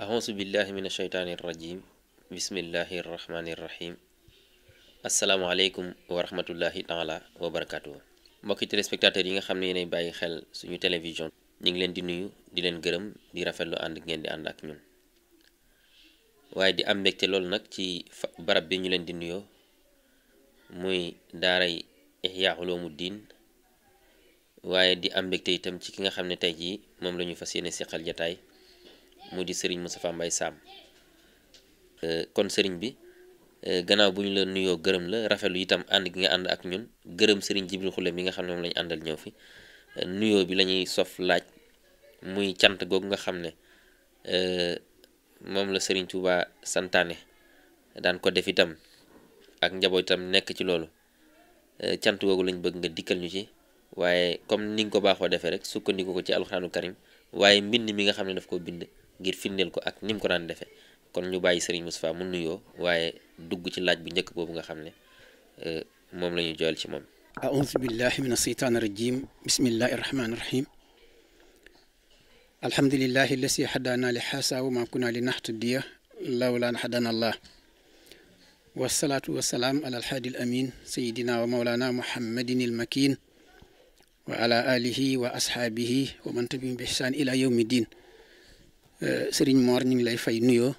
axusu billahi min asheytaani irrajim bismillahi irrahmaani irrahim asalaamaaleykum wa rahmatullahi taala wa barakatuhu mbokki téléspectateurs yi nga xam ne yéenay bàyyi xel suñu télévision ñu ngi leen di nuyu di leen gërëm di rafetlu ànd ngeen di ànd ak ñun waaye di am mbégte lool nag ci barab bi ñu leen di nuyoo muy daaray mu diin waaye di am mbégte itam ci ki nga xam ne tey jii moom la ñu fas yéene seqal jataay mu di Serigne Moustapha Mbaye Sam euh, kon sëriñ bi euh, gannaaw bu ñu la nuyoo gërëm la rafetlu itam ànd gi nga ànd ak ñun gërëm Serigne Jibril Khoule mi nga xam ne moom la àndal ñëw fi euh, nuyoo bi la sof laaj muy cant googu nga xam ne moom la Serigne Touba daan ko def itam ak njaboot itam nekk ci loolu cant googu lañ bëgg nga dikkal ñu ci. waaye comme ni nga ko baaxoo defee rek sukkandiku ko ci alxuraanu karim waaye mbind mi nga xam ne daf koo bind ngir firndeel ko ak ni ko daan defee kon ñu bàyyi Serigne Moustapha mu nuyoo waaye dugg ci laaj bu njëkk boobu nga xam ne euh, moom la ñu joyal ci moom aoudu billahi min asheytaan irajim bismillahi irrahmani irrahim alhamdulilahi lasi li xaasa wa ma kunna allah wasalaatu wasalaam ala alhaadi al amin sayidina wa muhammadin il wa ala alihi ashaabihi wa man tabiim bi ihsaan ila yawmi sëriñ Mor ñu ngi lay fay nuyoo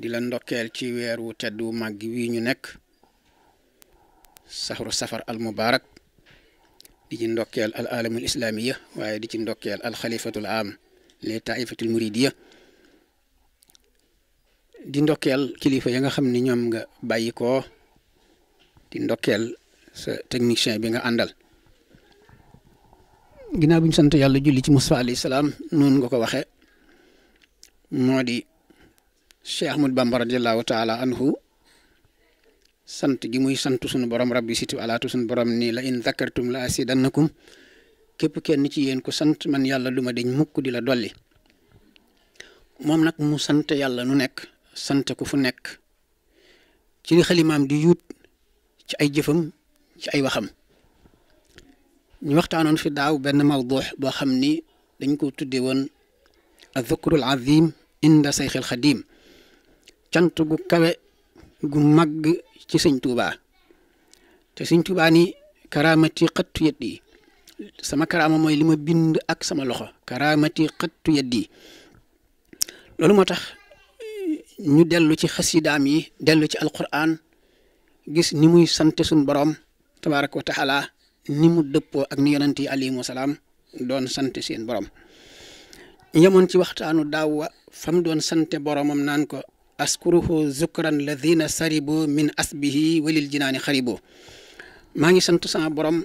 di la ndokkeel ci weer wu tedd wu màgg wii ñu nekk saxru safar al mubarak di ci ndokkeel al alamul islamiya waaye di ci ndokkeel al xalifatul am les taifatul muridiya di ndokkeel kilifa ya nga xam ni ñoom nga bàyyi ko di ndokkeel sa technicien bi nga àndal ginnaaw bi ñu sant yàlla julli ci Mustafa alayhi salaam noonu nga ko waxe moo di Cheikh Ahmadou Bamba radiyallahu taala anhu sant gi muy sant sunu borom rabbi situ alaatu sunu borom nii la in zakartum la asidannakum képp kenn ci yéen ko sant man yàlla duma ma deñ mukk di la dolli moom nag mu sant yàlla nu nekk sant ku fu nekk ci li xalimaam di yuut ci ay jëfam ci ay waxam. ñu waxtaanoon fi daaw benn mawduux boo xam ni dañ ko tudde woon azukrul azim inda seyxil xadim cant gu kawe gu màgg ci sëñ Tuuba te sëñ Tuuba ni karaamati xëttu yët yi sama karaama mooy li ma bind ak sama loxo karaamati xëttu yët yi loolu moo tax ñu dellu ci xasidaam yi dellu ci alquran gis ni muy sant suñ boroom tabaaraka wa taala ni mu dëppoo ak ni yonent yi alayhimu salaam doon sant seen borom yemoon ci waxtaanu daaw wa fam doon sante boromam naan ko askuruhu zukran ladina saribo min asbihi walil jinaani xaribo maa ngi sant sama borom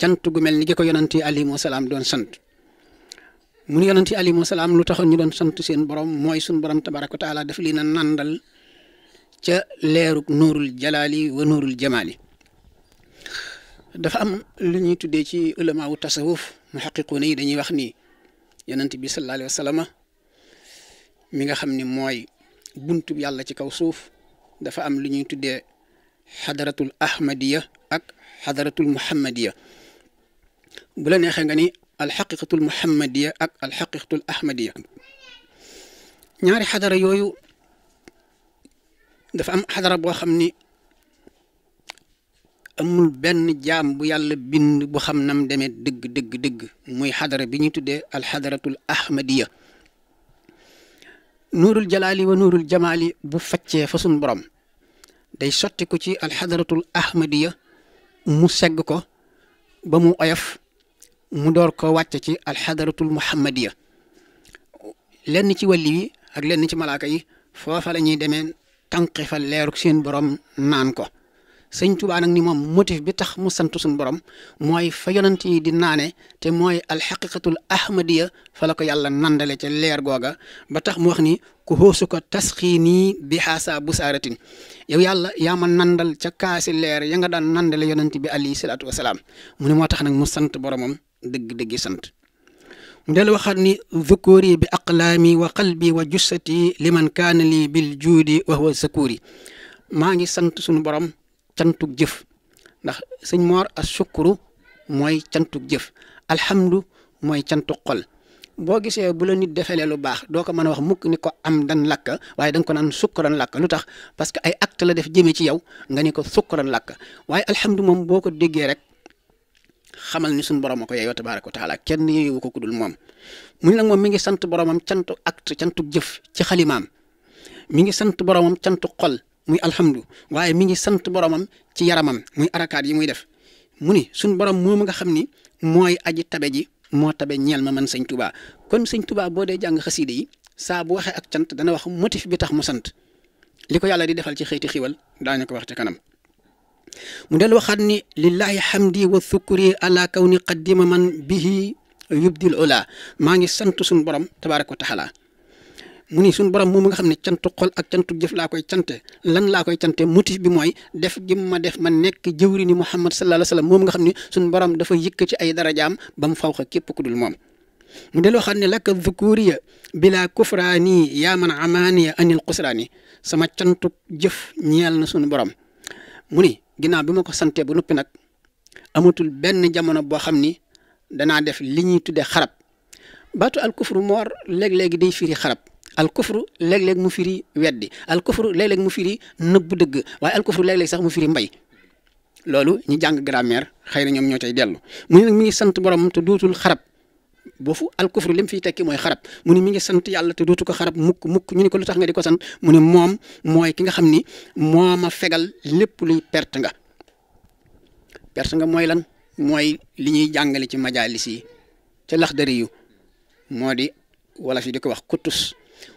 cant gu mel ni gi ko yonent yi alayhimu salaam doon sant mu nu yonent yi alayhimu salaam lu taxoon ñu doon santu seen borom mooy sun borom tabaraka wa taala daf li na nandal ca leeruk nuurul jalaali wa nuurul jamaali dafa am lu ñuy tuddee ci ulamaawu tasawuf mu xaqiquuna yi dañuy wax ni yonent bi sallallahu alayhi wa mi nga xam ni mooy buntu yàlla ci kaw suuf dafa am lu ñuy tuddee xadaratul ahmadiya ak xadaratul muhammadiya bu la neexee nga ni alxaqiqatul muhammadiya ak alxaqiqatul ahmadiya ñaari xadara yooyu dafa am xadara boo xam ni amul benn jaam bu yàlla bind bu xam nam deme dëgg dëgg dëgg muy xadara bi ñu tuddee alxadaratul ahmadiya nuurul jalaali wa nuurul jamaali bu faccee fa suñ borom day sotti ko ci alxadaratul ahmadiya mu segg ko ba mu oyof mu door ko wàcce ci alxadaratul muhammadiya lenn ci wàlli ak lenn ci malaaka yi foofa la ñuy demee tànqi fa leeruk seen borom naan ko sëñ Tuubaa nag ni moom motif bi tax mu sant suñu borom mooy fa yonent yi di naane te mooy alxaqiqatul ahmadiya fa la ko yàlla nandale ca leer googa ba tax mu wax ni ku xoosu ko bi xaasa bu saaratin yow yàlla yaa ma nandal ca kaasi leer ya nga daan nandale yonent bi alayhi salaatu wasalaam mu ne moo tax nag mu sant boromam dëgg-dëggi sant mu del waxaat ni dhukuri bi aqlaami wa qalbi wa jussati liman kaana li bil juudi wa huwa sakuri maa ngi sant suñu borom cantug jëf ndax sëñ Mor a sukuru mooy cantuk jëf alhamdu mooy cantuk xol boo gisee bu la nit defalee lu baax doo ko mën a wax mukk ni ko am dan lakka waaye da nga ko naan sukkuran lakka lu tax parce que ay acte la def jëmee ci yow nga ni ko sukkuran lakka waaye alhamdu moom boo ko déggee rek xamal ni suñu borom a ko yeeyoo tabaaraka wa taala kenn yeewu ko kudul moom mu ne nag moom mi ngi sant boromam cantu acte cantug jëf ci xalimaam mi ngi sant boromam cantu xol muy alhamdu waaye mi ngi sant am ci yaramam muy arakaat yi muy def mu ni suñ borom moom nga xam ni mooy aji tabe ji moo tabe ñeel ma man sañ Touba kon sëñ Touba boo dee jàng xaside yi saa bu waxee ak sant dana wax moti bi tax mu sant li ko yàlla di defal ci xëyti xiwal daañu ko wax ci kanam mu del waxaat ni lillahi hamdi wa kaw ala kawni qaddima man bihi yubdil ola maa ngi sant suñ borom tabaraka ko taala mu ni suñu borom moom nga xam ne cantu xol ak cantu jëf laa koy cante lan laa koy cante motif bi mooy def gi ma def ma nekk jëwri ni Muhammad sallallahu alayhi wa sallam moom nga xam ne suñu borom dafa yëkkati ay darajaam ba mu faw xa képp ku dul moom mu deloo xam ne lakka dhukuriya bila kufraani yaa man amaaniya anil xusraani sama cantu jëf ñeel na suñu borom mu ni ginnaaw bi ma ko sante ba noppi nag amatul benn jamono boo xam ni danaa def li ñuy tuddee xarab baatu al moor léeg-léegi day firi xarab al kufru léeg-léeg mu firi weddi al kufru léeg mu firi nëbb dëgg waaye al kufru léeg sax mu firi mbay loolu ñi jàng grammaire xëy na ñoom ñoo cay dellu mu ne nag mi ngi sant borom te dootul xarab boofu al kufru lim fiy tekki mooy xarab mu ne mi ngi sant yàlla te dootu ko xarab mukk mukk ñu ne ko lu tax nga di ko sant mu ne moom mooy ki nga xam ni moo ma fegal lépp luy perte nga perte nga mooy lan mooy li ñuy jàngale ci majalis yi lax laxdari yu moo di wala fi di ko wax kutus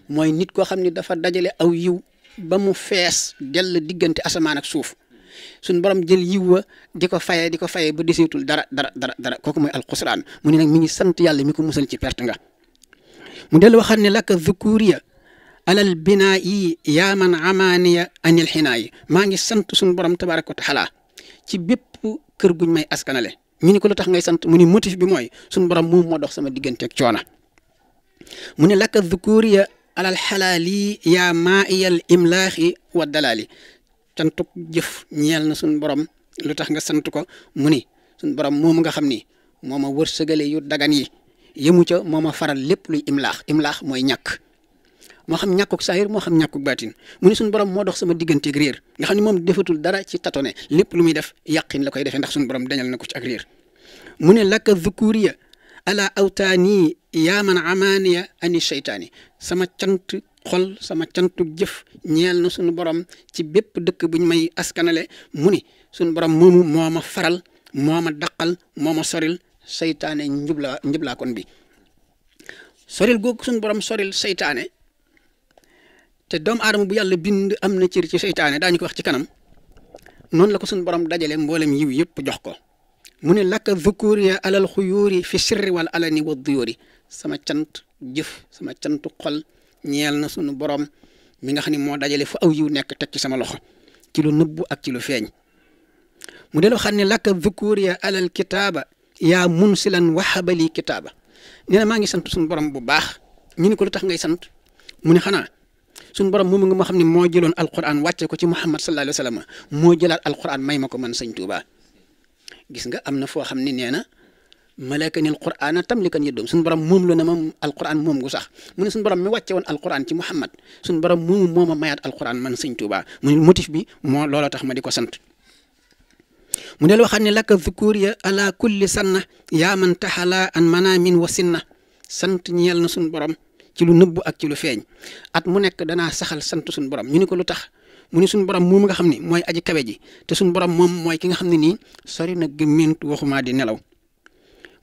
mooy nit koo xam ne dafa dajale aw yiw ba mu fees dell diggante asamaan ak suuf suñ borom jël yiw wa di ko fayee di ko fayee ba deseetul dara dara dara dara kooku mooy alxusraan mu ne nag mi ngi sant yàlla mi ko musal ci perte nga mu dellu waxaat ne laka zukuriya alal binaa yi yaaman amaaniya anil xinaa yi maa ngi sant suñ borom tabaraka wa taala ci bépp kër guñ may askanale ñu ko lu tax ngay sant mu ni motif bi mooy suñ borom moom moo dox sama digganteeg coona alal xalaali yaa maa iyal imlaaxi wa dalaali cantuk jëf ñeel na suñ borom lu tax nga sant ko mu ni suñ borom moomu nga xam ni moo ma wërsëgale yu dagan yi yemu ca moom a faral lépp luy imlaax imlaax mooy ñàkk moo xam ñàkkuk saahir moo xam ñàkkuk baatin mu ni suñ borom moo dox sama digganteeg réer nga xam ne moom defatul dara ci tatone lépp lu muy def yàqin la koy defee ndax suñ borom deñal na ko ci ak réer mu ne lakka zukuriya ala awtaani yaa man amaaniya ani seytaane sama cant xol sama cantu jëf ñeel na suñu borom ci bépp dëkk buñ may askanale mu ni suñu borom moomu moo faral moo ma daqal moo soril seytaane njubla njublaa kon bi soril googu suñu borom soril seytaane te doomu aadama bu yàlla bind am na ci ci seytaane daañu ko wax ci kanam noonu la ko suñu borom dajale mboolem yiw yëpp jox ko mu ne lakka dhukuur ya alal xuyuuri fi sirri wal alani wa duyuuri sama cant jëf sama cantu xol ñeel na sunu borom mi nga xam ne moo dajale fu aw yiw nekk teg ci sama loxo ci nëbbu ak ci feeñ mu delu xam ne lakka dhukuur ya alal kitaaba yaa munsilan waxabali kitaaba nee na maa ngi sant suñu borom bu baax ñu ni ko lu tax ngay sant mu ne xanaa suñu borom moom nga xam ne moo jëloon alquran wàcce ko ci muhammad sallallahu alayhi wa sallam moo jëlaat alquran may ma ko man sëñ Tuubaa gis nga am na foo xam ne nee na malakanil qur'ana tamlikan yëddoom suñu borom moom lu ne ma alquran moom gu sax mu ne suñu borom mi wàcce woon alquran ci muhammad suñu borom moomu mooma mayaat alquran man sëñ Tuuba mu ne motif bi moo loola a ma di ko sant mu del waxaat ne lakka zukuriya ala kulli sanna yaa man taxala an manaamin wa sinna sant ñeel na suñu borom ci lu nëbb ak ci lu feeñ at mu nekk danaa saxal sant suñu borom ñu ni ko lu tax mu ni suñu borom moom nga xam ni mooy aji kawe ji te suñu borom moom mooy ki nga xam ne nii sori na gémmintu waxumaa di nelaw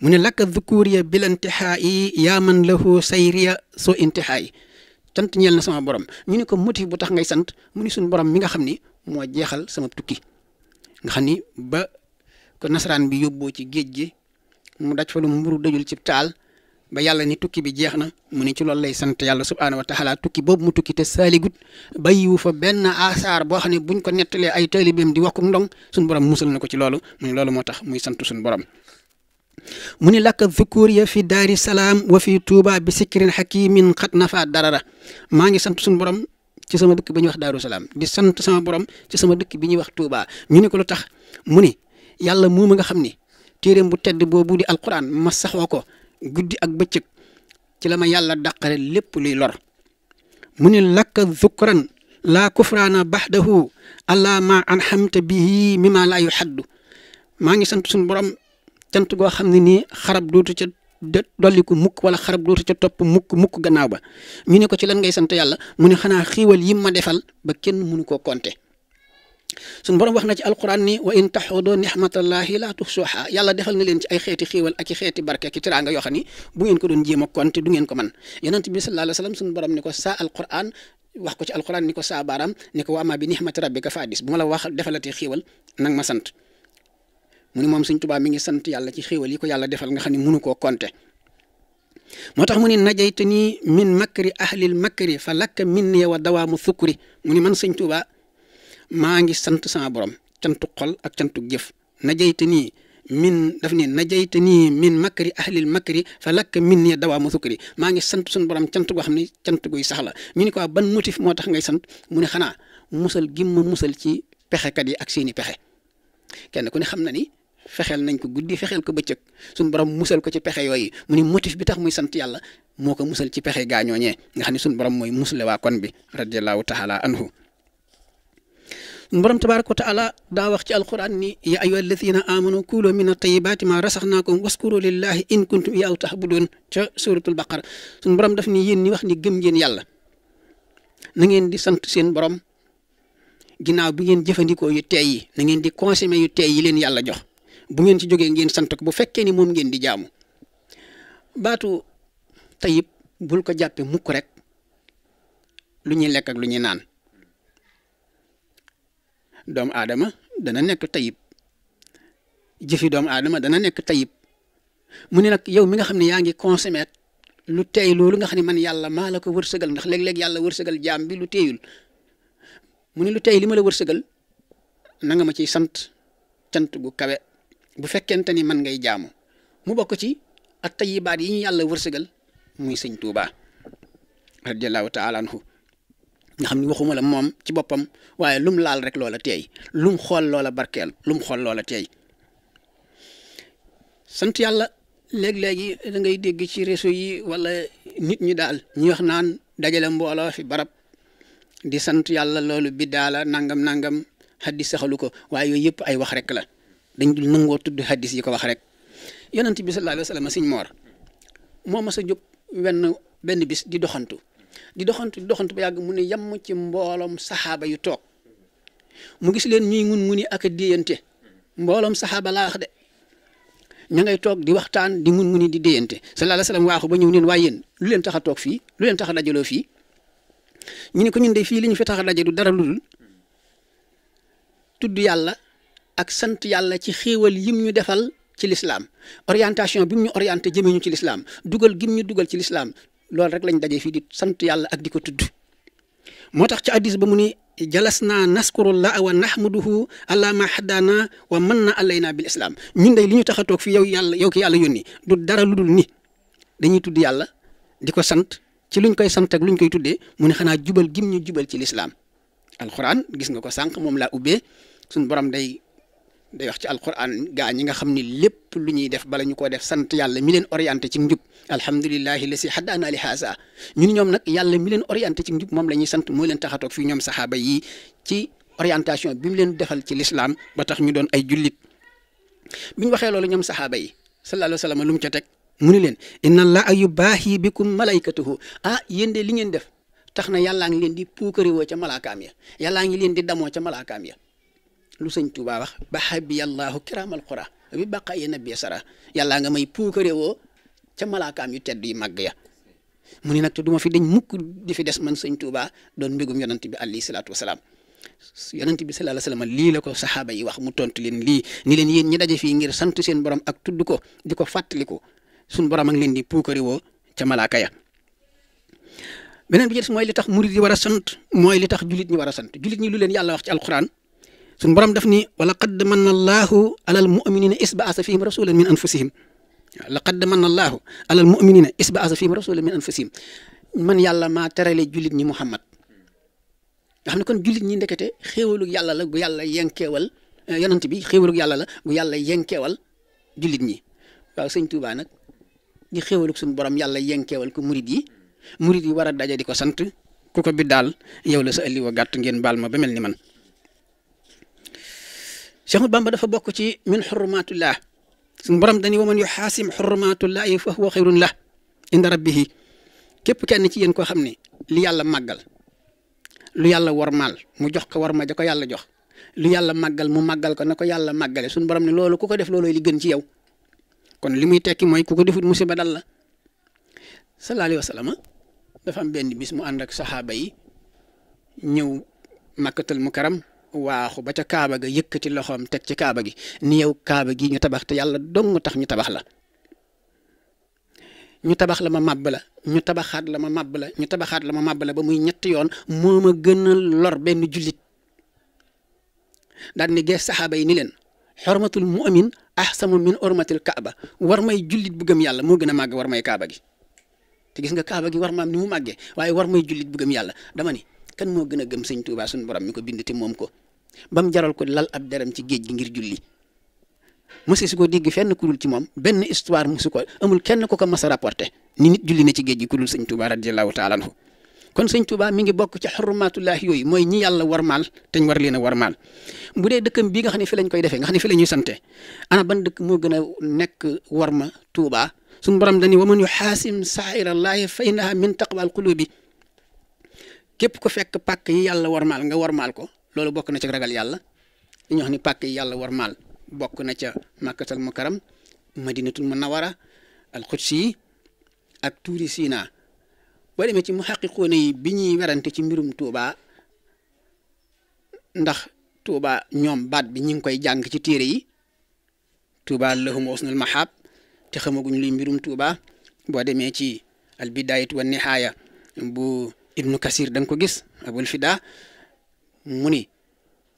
mu ne lakka dhukuriya bil intixaa yi yaaman lahu sayriya soo intixaa yi sant ñeel na sama borom ñu ne ko motif bu tax ngay sant mu ni suñu borom mi nga xam ni moo jeexal sama tukki nga xam ni ba ko nasaraan bi yóbboo ci géej gi mu daj fa lu mburu dajul ci taal ba yàlla ni tukki bi jeex na mu ne ci loolu lay sant yàlla subhaanahu wa taala tukki boobu mu tukki te saaligut bàyyiwu fa benn asaar boo xam ne buñ ko nettalee ay taalibeem di wakkum ndong suñ borom musal na ko ci loolu mu loolu moo tax muy sant suñ borom ni lakka zukur ya fi daari salaam wa fi tuuba bi sikkirin xakimin xat nafa darara maa ngi sant suñ borom ci sama dëkk bi ñuy wax daaru salaam di sant sama borom ci sama dëkk bi ñuy wax tuuba ñu ne ko lu tax mu ni yàlla moom nga xam ni téeréem bu tedd boobu di alquran ma saxoo ko guddi ak bëccëg ci la ma yàlla dàqare lépp luy lor mu ni lakka zukran laa kufraana baxdahu allah ma anxamta bihi mi ma laa yu xaddu maa ngi sant suñu borom cant goo xam ne nii xarab dootu ca ko mukk wala xarab dootu ca topp mukk mukk gannaaw ba ñu ne ko ci lan ngay sant yàlla mu ne xanaa xiiwal yim ma defal ba kenn mënu ko konte suñu borom wax na ci alquran ni wa in taxudu nixmatallahi la tuxsuha yàlla defal na leen ci ay xeeti xiiwal ak i xeeti barke ki tiraanga yoo xam ni bu ko doon jéem a konte du ngeen ko man yonent sa alquran wax ko ci alquran ni ko saa baaraam ni ko waama bi nixmati rabbika faadis bu ma la ma sant moom suñ tubaa mi ngi sant yàlla ci xéewal yi ko yàlla defal nga xam ne mënu koo konte moo tax mu ne najaytani min makri ahlil makri fa lakka min ya wa dawaamu sukkuri mu ne man suñ tubaa maa ngi sant sama borom cantu xol ak cantu jëf najayta nii min daf ne najayta nii min makkari ahlil makkari fa lakk min ne dawaa ma sukkari maa ngi sant suñu borom cant goo xam ne cant guy sax la ñu ni ko ah, ban motif moo tax ngay sant mu ne xanaa musal gi musal ci pexekat yi ak seeni pexe kenn ku ne xam na ni fexeel nañ ko guddi fexeel ko bëccëg suñu borom musal ko ci pexe yooyu mu ni motif bi tax muy sant yàlla moo ko musal ci pexe gaañooñee nga xam ne suñu borom mooy musale waa kon bi radiallahu taala anhu borom tabaraka wa daa wax ci alquran ni ya ayyuha alladina amanu kulu min atayibaati ma rasaxnaakum waskuru lillahi in kuntum iyaahu tahbudun ca suratul baqara suñu borom daf ni yéen ñi wax ni gëm ngeen yàlla na ngeen di sant seen borom ginnaaw bu ngeen jëfandikoo yu teey yi na ngeen di consommer yu teey yi leen yàlla jox bu ngeen ci jogee ngeen sant ko bu fekkee ni moom ngeen di jaamu baatu tayib bul ko jàppe mukk rek lu ñuy lekk lu ñuy naan doomu aadama dana nekk tayib jëfi doomu aadama dana nekk tayib mu ne nag yow mi nga xam ne yaa ngi consommer lu tey loolu nga xam ne man yàlla maa la ko wërsëgal ndax léeg-léeg yàlla wërsëgal jaam bi lu teeyul mu ne lu tey li ma la wërsëgal nanga ma ciy sant cant gu kawe bu fekkente ni man ngay jaamu mu bokk ci ak tayibaat yi ñu yàlla wërsëgal muy sëñ Tuubaa radiyallahu nga xam ne waxuma la moom ci boppam waaye lum laal rek loola teey lum xool loola barkeel lum xool loola teey sant yàlla léeg-léegi dangay dégg ci réseau yi walla nit ñi daal ñi wax naan dajale mbooloo fi barab di sant yàlla loolu bi daala nangam nangam xaddis saxalu ko waaye yooyu yëpp ay wax rek la dañ dul nangoo tudd xaddis yi ko wax rek yonent bi sallallahu alayhi wa sallam siñ moor moo mas a jóg wenn benn bis di doxantu di doxantu di doxantu ba yàgg mu ne yem ci mbooloom saxaaba yu toog mu gis leen ñuy ngun nguni ak a déyante mbooloom saxaaba laa de ña ngay toog di waxtaan di ngun nguni di déyante sallallahu alayhi wa waaxu ba ñëw neen waaye yéen lu leen tax a toog fii lu leen tax a dajaloo fii ñu ne ko ñun de fii li ñu fi tax a daje du dara lu dul tudd yàlla ak sant yàlla ci xéewal yim ñu defal ci lislaam orientation bi mu ñu orienté jëmee ñu ci lislaam dugal gim ñu dugal ci lislaam loolu rek lañ daje fii di sant yàlla ak di ko tudd moo tax ci addis ba mu ni jalas naa la wa nahmaduhu ala ma haddaana wa man na alaynaa bil islaam ñun day lu ñu tax toog fii yow yàlla yow ki yàlla yónni du dara lu dul ni dañuy tudd yàlla di ko sant ci luñ koy sant lu ñu koy tuddee mu ne xanaa jubal gim ñu jubal ci lislaam alquran gis nga ko sànq moom laa ubbee suñ borom day day wax ci alquran gaa ñi nga xam ni lépp lu ñuy def bala ñu ko def sant yàlla mi leen orienté ci njub alhamdulilahi la si haddaana li haasa ñun ñoom nag yàlla mi leen orienté ci njub moom la ñuy sant moo leen taxatoog fii ñoom saxaaba yi ci orientation bi mu leen defal ci lislaam ba tax ñu doon ay jullit bi ñu waxee loolu ñoom saxaaba yi sallallahu alayhi wa sallam lu mu ca teg mu ni leen inna allaha yubaahi bikum malaykatuhu ah yende li ngeen def tax na yàllaa ngi leen di puukarewoo ca malaakaam ya yàllaa ngi leen di damoo ca malaakaam ya lu sëñ Tuubaa wax ba xabi yàllaahu kiraamal qura bi baqa yi nabi sara yàllaa nga may puukare woo ca malaakaam yu tedd yu màgg ya mu ne nag te du ma fi dañ mukk di fi des man sëñ Tuubaa doon mbégum yonent bi alayhi salaatu wasalaam yonent bi sallallahu alayhi wasallam lii la ko saxaaba yi wax mu tont leen lii ni leen yéen ñi daje fii ngir sant seen borom ak tudd ko di ko ko suñ borom ak leen di puukari ca malaaka ya beneen bi ci des mooy li tax murid yi war sant mooy li tax julit ñi war a sant julit lu leen yàlla wax ci suñu borom def ni wala qad manna allahu alal muminina is baasa fihim rasulan min anfusihim waaw laqad manna allahu alal muminina is baasa fihim rasulan min anfusihim man yàlla maa terale jullit ñi Muhammad nga xam ne kon jullit ñi ndekete xéewalug yàlla la gu yàlla yenkeewal eh, yonent bi xéewalug yàlla la gu yàlla yenkeewal jullit ñi waaw sëñ Touba nag di xéewalug suñu borom yàlla yenkeewal ko murid yi murid yi war a daje ko sant ku ko bi daal yow la sa ëlli wa gàtt ngeen baal ma ba mel ni man Cheikh Bamba dafa bokk ci min xurmatullah suñu borom dañuy waman yu xaasim xurmatullahi fa huwa xayrun inda rabbihi képp kenn ci yéen koo xam ne li yàlla màggal lu yàlla warmaal mu jox ko war ma ko yàlla jox lu yàlla màggal mu màggal ko na ko yàlla màggale suñu borom ne loolu ku ko def loolooy li gën ci yow kon li muy tekki mooy ku ko defut musiba dal la sallallahu alayhi wa dafa am benn bis mu ànd ak saxaaba yi ñëw makkatal mukaram waaxu ba ca kaaba ga yëkkati loxoom teg ci kaaba gi ni yow kaaba gi ñu tabax te yàlla dong tax ñu tabax la ñu tabax la ma màbb la ñu tabaxaat la ma màbb la ñu tabaxaat la ma màbb la ba muy ñetti yoon moo ma gën a lor benn jullit daan ni gees saxaaba yi ni leen mu xormatul mu'min ahsanu min ormatil kaaba war may jullit bu gëm yàlla moo gën a màgg war may kaaba gi te gis nga kaaba gi war maam ni mu màggee waaye war may jullit bu gëm yàlla dama ni kan moo gën a gëm sëñ Tuubaa suñu borom mi ko bind te moom ko ba mu jaral ko lal ab deram ci géej gi ngir julli mosu su ko dégg fenn ku ci moom benn histoire mosu ko amul kenn ku ko mas a rapporté ni nit julli na ci géej gi ku dul sëñ Tuubaa radiyallaahu taala anhu kon sëñ Tuubaa mi ngi bokk ci xurmaatullah yooyu mooy ñi yàlla warmaal te ñu war leen a maal bu dee dëkkam bii nga xam ne fi lañ koy defee nga xam ne fi la ñuy sante ana ban dëkk moo gën a nekk warma Tuubaa suñu borom dañuy waman yu xaasim saa'irallaahi fa innaha min taqwal qulubi képp ku fekk pàkk yi yàlla warmaal nga warmaal ko loolu bokk na ci ragal yàlla li wax ni pàkk yi yàlla warmaal bokk na ca màkkatal mukaram madinatul munawara alxudsi yi ak tuuri sina boo demee ci mu xaqiqoone yi bi ñuy werante ci mbirum tuubaa ndax tuubaa ñoom baat bi ñu ngi koy jàng ci téere yi tuubaa lahum usnul mahab te xamaguñ luy mbirum tuubaa boo demee ci al bidaayatu wa ibnu kasir da nga ko gis abul fida mu ni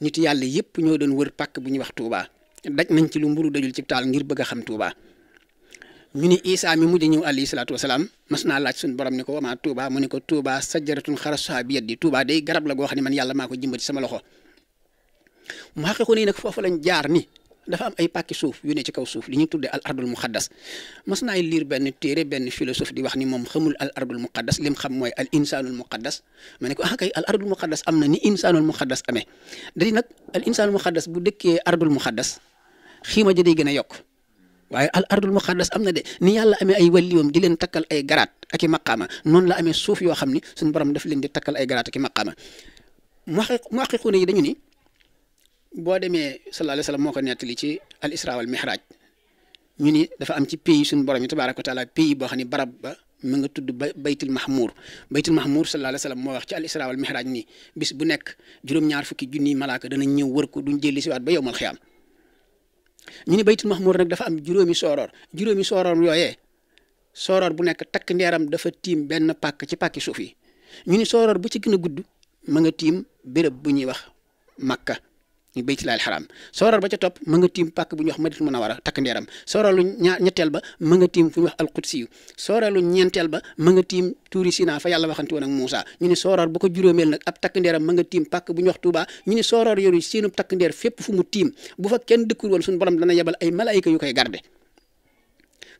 nit yàlla yëpp ñoo doon wër pàkk bu ñuy wax tuuba daj nañ ci lu mburu dajul ci taal ngir bëgg a xam tuuba ñu ni isa mi mujj ñëw alayhi salaatu wasalaam mas naa laaj suñu borom ni ko wamaa tuuba mu ni ko tuuba sajaratun a bi yaddi tuuba day garab la goo xam ne man yàlla maa ko jëmbat ci sama loxo mu xaqiqu nii nag foofu jaar ni dafa am ay pàkki suuf yu ne ci kaw suuf li ñuy tuddee al ardul muqaddas mas naay liir benn téere benn philosophe di wax ni moom xamul al ardul muqaddas lim xam mooy al insaanul muqaddas ma ne ko ah kay al ardul muqaddas am na ni insaanul muqaddas amee dañu nag al insaanul muqaddas bu dëkkee ardul muqaddas xiima ja day gën a yokk waaye al ardul muqaddas am na de ni yàlla amee ay wàlliwam di leen takkal ay garaat ak i maqaama la amee suuf yoo xam ni suñu borom daf leen di takkal ay garaat ak i maqaama muhaqiquna yi dañu ni boo demee sallallahu alayhi wa moo ko nettali ci al isra wal mihraj ñu ni dafa am ci pays suñu borom yi tabaraka wa taala pays boo xam ne barab ba mu nga tudd ba baytul mahmuur baytul mahmuur sallallahu alayhi wa sallam moo wax ci al isra wal mihraj nii bis bu nekk juróom fukki junniy malaaka danañ ñëw wër ko duñ jëlli siwaat ba yowmal xiyaam ñu ni baytul mahmuur nag dafa am juróomi sooroor juróomi sooroor yooyee sooroor bu nekk takk ndeeram dafa tiim benn pàkk ci pàkki suuf yi ñu ni sooroor bu ci gën a gudd ma tiim béréb bu ñuy wax makka ñu baytil xaraam sooral ba ca topp ma nga tiim pàkk bu ñuy wax madinatul munawara takk ndeeram sooralu ñaar ñetteel ba ma nga tiim fu ñuy wax alqudsi yu sooralu ñeenteel ba ma nga tiim tuuri sina fa yàlla waxante woon ak Muusa ñu ni sooral bu ko juróomeel nag ab takk ndeeram ma nga tiim pàkk bu ñuy wax Tuuba ñu ni sooral yoru seenub takk ndeer fépp fu mu tiim bu fa kenn dëkkul woon suñu borom dana yebal ay malaayika yu koy garde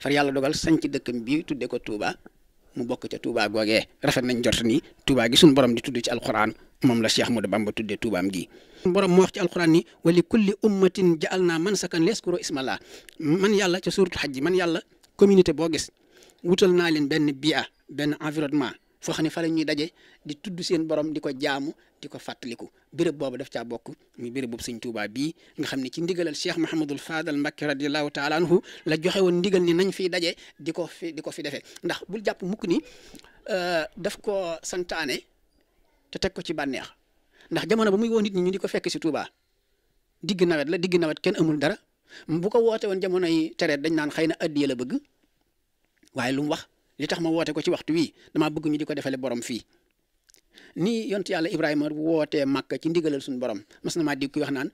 far yàlla dogal sañ dëkk dëkkam bii tudde ko Tuuba mu bokk ca Touba googee rafet nañ jot ni Touba gi suñu borom di tudd ci alquran moom la Cheikh Modou Bamba tuddee Toubaam gi suñu borom moo wax ci alquran ni wali kulli ummatin jaal naa man sakan leskuro ismallah man yàlla ca suratul xaj ji man yàlla communauté boo gis wutal naa leen benn bia benn environnement foo xam ne fa la ñuy daje di tudd seen borom di ko jaamu di ko fàttaliku béréb boobu def caa bokk muy béréb boobu sëñ Tuubaa bii nga xam ne ci ndigalal Cheikh Mahamadul Fadal Mbakke radiallahu taala anhu la joxe woon ndigal ni nañ fiy daje di ko fi di ko fi defee ndax bul jàpp mukk ni euh, def ko santaane te teg ko ci bànneex ndax jamono ba muy woo nit ñu di ko fekk si Tuubaa digg nawet la digg nawet kenn amul dara bu ko woote woon jamono yi tereet dañ naan xëy na addiya la bëgg waaye lu mu li tax ma woote ko ci waxtu wii damaa bëgg ñu di ko defale borom fii nii yontu yàlla Ibrahima wootee màkk ci ndigalal suñu borom mas na maa di wax naan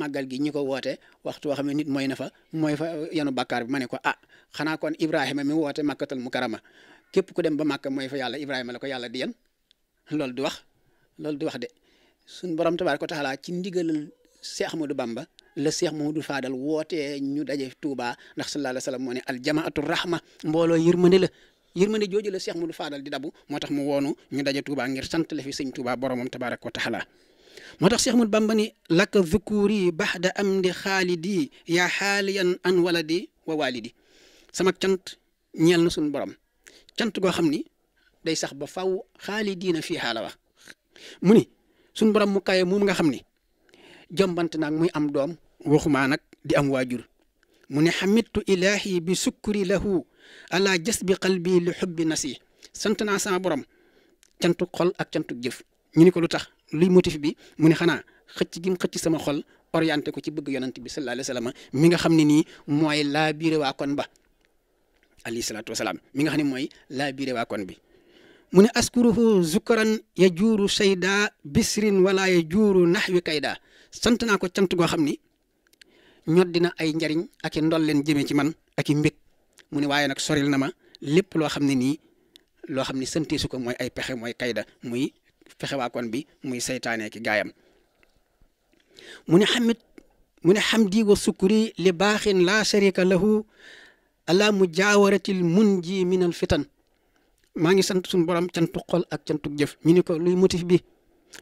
màggal gi ñi ko woote waxtu woo xam ne nit mooy na fa mooy fa yanu bàkkaar bi ma ne ko ah xanaa kon Ibrahima mi woote màkkatal mu karama képp ku dem ba màkk mooy fa yàlla Ibrahima la ko yàlla di yan loolu du wax loolu di wax de suñu borom tabaaraka wa taala ci ndigalal Seex du Bamba la Seex Mamadu Faadal wootee ñu daje Tuubaa ndax sallallaahu alayhi wa sallam moo ne al yërmande jooju la Cheikh Modou Fadal di dabu moo tax mu woonu ñu daje Touba ngir sant la fi sëñ Touba boromam tabaaraka wa taala moo tax Cheikh Modou Bamba ni laka dhukuri baxda amdi xaalidi yaa xaaliyan an waladi wa walidi sama cant ñeel na suñu borom cant goo xam ni day sax ba faw xaalidiina fii xaala wax mu ni suñu borom mu kaye moom nga xam ni jombante naag muy am doom waxumaa nag di am waajur mu ne xamittu ilaahi bi sukkuri lahu ala jas bi qalbi li xubbi na si sant naa sama borom cantuk xol ak cantuk jëf ñu ni ko lu tax luy motif bi mu ne xanaa xëcc gi mu xëcc sama xol orienté ko ci bëgg yonent bi sallallahu alayhi wa sallam mi nga xam ne nii mooy laa biire waa kon ba alayhi salaatu wasalaam mi nga xam ne mooy laa biire waa kon bi mu ne askuruhu zukaran ya juuru sayda bisrin walla ya juuru naxwi kayda sant naa ko cant goo xam ni ñod dina ay njariñ ak i ndol leen ci man ak i mu ne waaye nag soril na ma lépp loo xam ne nii loo xam ne santee su ko mooy ay pexe mooy kayda muy pexe kon bi muy saytaanee ki gaayam mu ne xamit mu ne xamdi wa sukkuri li baaxin laa sharika lahu ala mujaawaratil mun ji minal fitan maa ngi sant suñu borom cantu xol ak cantu jëf ñu ni ko luy motif bi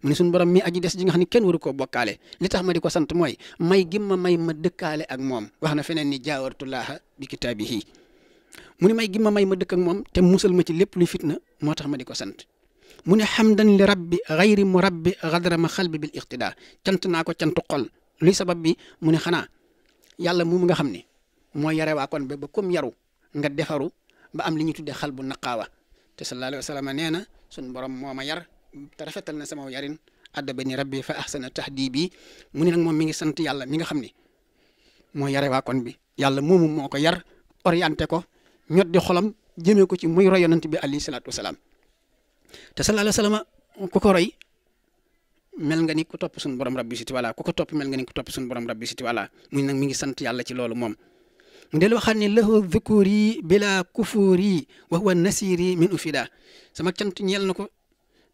mu ne suñu borom mi aji des ji nga xam ne kenn waru koo bokkaale li tax ma di ko sant mooy may gi ma may ma dëkkaale ak moom wax na feneen ni jaawartu laaha bi kitaabihi mu ne may gi ma may ma dëkk ak moom te musal ma ci lépp luy fitna moo tax ma di ko sant mu ne xamdan li rabbi xayri mu rabbi xadrama xalbi bil iqtida cant naa ko cantu xol luy sabab bi mu ne xanaa yàlla mu nga xam ne moo yare waa kon ba ba comme yaru nga defaru ba am li ñuy tuddee xal bu naqaawa te sallallahu alayhi wa sallam nee na suñ borom moo ma yar te rafetal na sama yarin addabani rabbi fa ahsana tahdibi mu ne nag moom mi ngi sant yàlla mi nga xam ne moo yare waa kon bi yàlla moomu moo ko yar orienté ko ñot di xolam jëmee ko ci muy roy yonent bi alayhi salaatu wasalaam te sallallahu alayhi wasallam ko roy mel nga ni ku topp suñu borom rabbi siti wala ku topp mel nga ni ku topp suñu borom rabbi siti wala muy nag mi ngi sant yàlla ci loolu moom mu del waxaat ne lahu dhukuri bila kufuri wa huwa nasiri min ufida sama cant ñeel na ko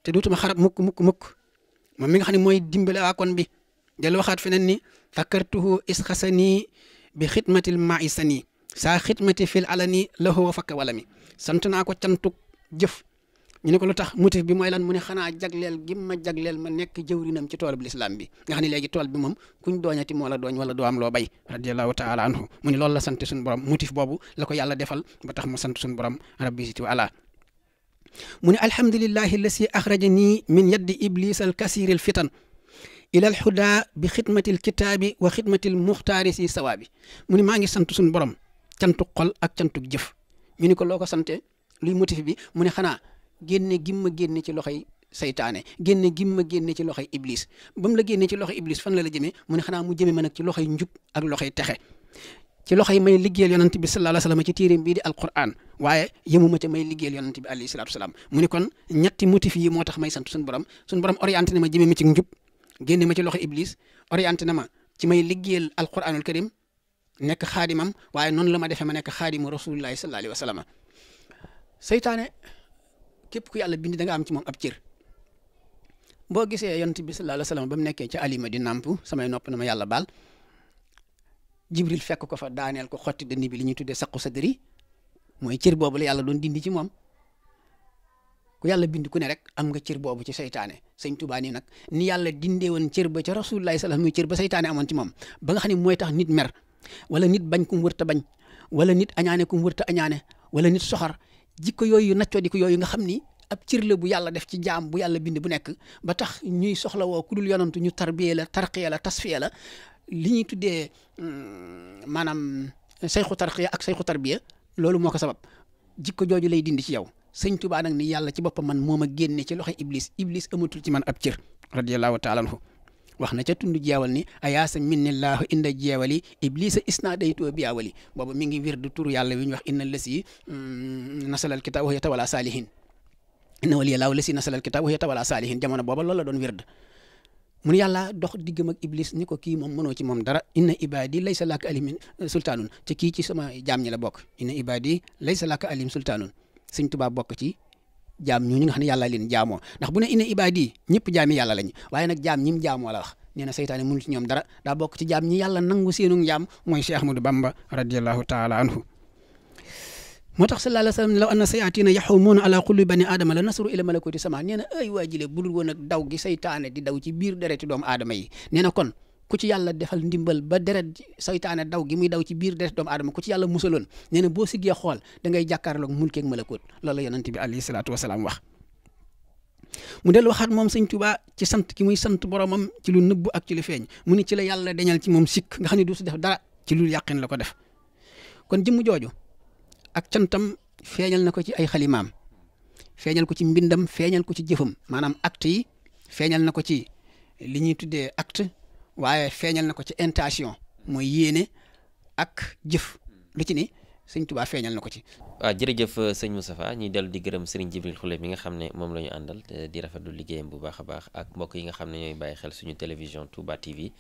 te dootuma xarab mukk mukk mukk moom mi nga xam ne mooy dimbale waakoon bi del waxaat feneen ni fakartuhu isxasani bi xidmatil maisani saa xidmati fil alani lahu wa fakk wala mi sant naa ko cantuk jëf ñu ne ko lu tax motif bi mooy lan mu ne xanaa jagleel gi ma jagleel ma nekk jëwrinam ci tool bi lislaam bi nga xam ne léegi tool bi moom kuñ dooñati moo la dooñ wala doo am loo bay radiallahu taala anhu mu ne loolu la sant suñu borom motif boobu la ko yàlla defal ba tax mu sant suñu borom rabbi siti wa ala mu ne alhamdulillahi allasi axrajani min yaddi iblis al kasir al fitan ila al huda bi xidmati al kitaabi wa xidmati al muxtaari si sawaabi mu ne maa ngi sant suñu borom cantu xol ak cantu jëf ñu ni ko loo ko sante luy motif bi mu ne xanaa génne gimma génne ci loxoy saytaane génne gimma génne ci loxoy iblis ba mu la génne ci loxoy iblis fan la la jëmee mu ne xanaa mu jëmee ma nag ci loxoy njub ak loxoy texe ci loxoy may liggéeyal yonent bi sallallahu alayhi wasallam ci téeréem bii di alquran waaye yemuma ca may liggéeyal yonent bi alayhi salatu wasalam mu ne kon ñetti motif yi moo tax may sant suñu borom suñu borom orienté na ma jëmee ma ci njub génne ma ci loxo iblis orienté na ma ci may liggéeyal alquranul karim nekk xaadimam waaye noonu la ma defee ma nekk xaadimu rasulillahi sallallahu alayhi wa sallam seytaane képp ku yàlla bind danga am ci moom ab cër boo gisee yonent bi ba mu nekkee ca alima di nàmp samay nopp na ma yàlla baal jibril fekk ko fa daaneel ko xotti dënn bi li ñuy tuddee saqu sadri mooy cër boobu la yàlla doon dindi ci moom ku yàlla bind ku ne rek am nga cër boobu ci seytaane sëñ Tuubaa nag ni yàlla dindee woon cër ba ca rasulillahi sallallahu alayhi wa muy cër ba seytaane amoon ci moom ba mooy tax nit mer wala nit bañ kum wërta bañ wala nit añaane kum wërta añaane wala nit soxar jikko yooyu naccoo di ko yooyu nga xam ni ab cir la bu yàlla def ci jaam bu yàlla bind bu nekk ba tax ñuy soxla woo ku dul yonantu ñu tarbiye la tarqiya la tasfiya la li ñuy tuddee mm, maanaam sayxu tarqiya ak sayxu tarbiya loolu moo ko sabab jikko jooju lay dindi ci yow sëñ baa nag ni yàlla ci boppam man moo ma génne ci loxo iblis iblis amatul ci man ab cir radiyallahu taala wax na ca tund jeewal ni ayaasa minnillaahu inda jeewali iblisa isna daytoo bi awali booba mi ngi wirdu turu yàlla wi ñu wax inna lasi mm, nasalal kitaab wa yatawala saalihin inna waliyallaahu lasi nasalal kitaab wa yatawala saalihin jamono booba loolu la doon wird mun yàlla dox diggam ak iblis ni ko kii moom mënoo ci moom dara inna ibadi laysa laka alim sultaanun ci kii ci sama jaam ñi la bokk inna ibadi laysa laka alim sultaanun Sëñ bokk ci jaam ñu ñi nga xam ne yàlla leen jaamoo ndax bu ne inna ibaadi ñëpp jaami yàlla lañu waaye nag jaam ñim jaamoo la wax nee na seytaane mënu ci dara daa bokk ci jaam ñi yàlla nangu seenu jaam mooy Cheikh Ahmadou Bamba radiallahu taala anhu moo tax sallallahu alayhi wa sallam law anna sayaatina yaxumuuna ala qulubi bani aadama la nasaru ila malakoti sama nee na waa jile budul woon ak daw gi seytaane di daw ci biir dereti doomu aadama yi nee na kon ku ci yàlla defal ndimbal ba deret saytaane daw gi muy daw ci biir deret doomu adama ku ci yàlla musaloon nee na boo siggee xool dangay da ngay jàkkaarloog mulkeeg malakoot loolu yonent bi alayhi salaatu wasalaam wax mu del waxaat moom sëñ Tuubaa ci sant ki muy sant boromam ci lu nëbb ak ci lu feeñ mu ni ci la yàlla deñal ci moom sikk nga xam ne du su def dara ci lu yàqin la ko def kon jëmm jooju ak cantam feeñal na ko ci ay xalimaam feeñal ko ci mbindam feeñal ko ci jëfam maanaam acte yi feeñal na ko ci li tuddee acte waaye feeñal na ko ci intention mooy yéene ak jëf lu ci ni sëñ Tuubaa feeñal na ko ci. waaw jërëjëf euh, sëñ Moustapha ñuy dellu di gërëm sëriñ Jibril Khoule mi nga xam ne moom la ñu àndal di rafetlu liggéeyam bu baax a baax ak mbokk yi nga xam ne ñooy bàyyi xel suñu télévision Touba TV.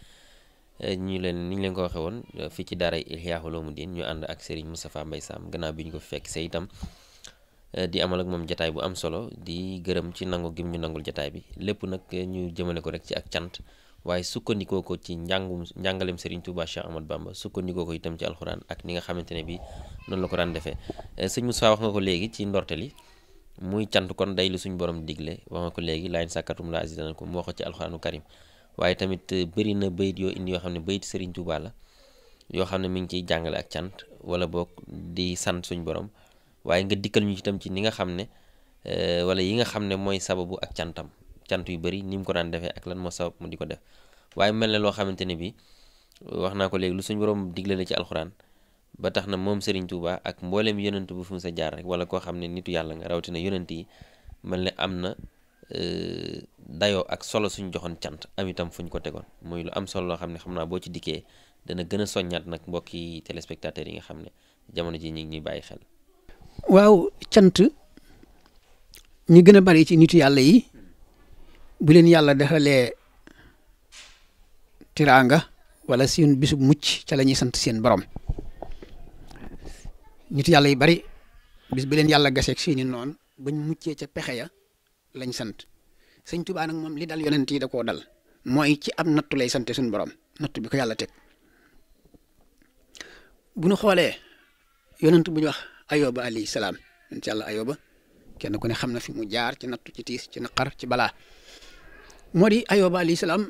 Euh, ñu leen ni ñu leen ko waxee woon euh, fii ci daara Ihyaa'ul Ulumuddin ñu ànd ak Serigne Moustapha Mbaye Sam gannaaw bi ñu ko fekk see itam di amal ak moom jataay bu am solo di gërëm ci nangu gim ñu nangul jataay bi lépp nag ñu jëmale ko rek ci ak cant waaye sukkandikoo ko ci njàngum njàngaleem Serigne Touba Cheikh Ahmad Bamba sukkandikoo ko itam ci alxuraan ak ni nga xamante ne bi noonu la ko daan defee eh, sëñ Moussa wax nga ko léegi ci ndorteel li muy cant kon day lu suñ borom digle wax nga ko léegi laayin sàkkatum laa asidan ko mu wax ci alxuraanu karim waaye tamit eh, bëri na bayit yoo indi yoo xam ne bayit Serigne Touba la yoo xam ne mi ngi ciy jàngale ak cant wala boog di sant suñ borom waaye nga di ñu itam ci ni nga xam ne eh, wala yi nga xam ne mooy sababu ak cantam cant yu bëri ni mu ko daan defee ak lan moo sabab mu di ko def waaye mel na loo xamante ne bi wax naa ko léegi lu suñ borom digle la ci alxuraan ba tax na moom seriñ Touba ak mbooleem yonent bu fu mu sa jaar rek wala koo xam ne nitu yàlla nga rawatina yi mel ne am na euh, dayoo ak solo suñ joxoon cant am itam fuñ ko tegoon muy lu am solo loo xam ne xam naa boo ci dikkee dana gën a soññaat nag mbokki téléspectateurs yi nga xam ne jamono ji ñu ñuy bàyyi xel. gën a bari ci nitu yàlla yi bu leen yàlla defalee tiraanga wala seen bisu mucc ca la ñuy sant seen borom nit yàlla yi bari bis bi yàlla gaseeg seeni noon bañ muccee ca pexe ya lañ sant sëñ Tuubaa nag moom li dal yonent yi da koo dal mooy ci am nattu lay sante suñu borom nattu bi ko yàlla teg bu nu xoolee yonent bu ñu wax ayoba alayhi salaam yonent yàlla ayoba kenn ku ne xam na fi mu jaar ci nattu ci tiis ci naqar ci balaa moo di Ayoba alayhi salaam